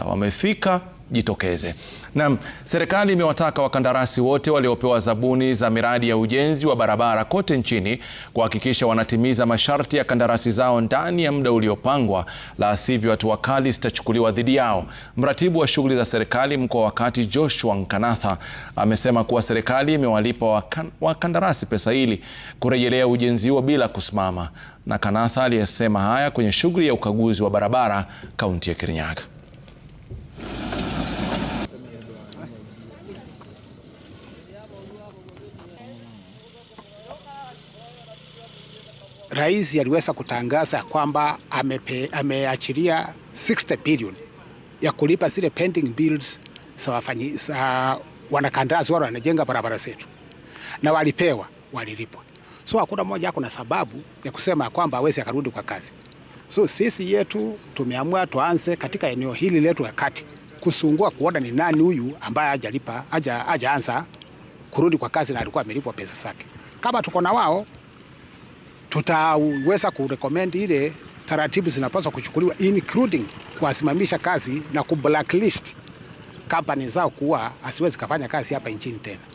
wamefika, wamefika jitokeze. Naam, serikali imewataka wakandarasi wote waliopewa zabuni za miradi ya ujenzi wa barabara kote nchini kuhakikisha wanatimiza masharti ya kandarasi zao ndani ya muda uliopangwa, la sivyo hatua kali zitachukuliwa dhidi yao. Mratibu wa shughuli za serikali mkoa wa Kati, Joshua Nkanatha, amesema kuwa serikali imewalipa wakandarasi pesa ili kurejelea ujenzi huo bila kusimama. Na Kanatha aliyesema haya kwenye shughuli ya ukaguzi wa barabara kaunti ya Kirinyaga. rais aliweza kutangaza kwamba ameachilia 60 billion ya kulipa zile pending bills za wafanyi za wanakandarasi wale wanajenga barabara zetu, na walipewa walilipwa. So hakuna mmoja ako na sababu ya kusema kwamba hawezi akarudi kwa kazi. So sisi yetu tumeamua tuanze katika eneo hili letu la kati kusungua kuona ni nani huyu ambaye hajalipa hajaanza kurudi kwa kazi na alikuwa amelipwa pesa zake. Kama tuko na wao tutaweza kurekomendi ile taratibu zinapaswa kuchukuliwa including kuwasimamisha kazi na kublacklist kampani zao kuwa asiwezi kafanya kazi hapa nchini tena.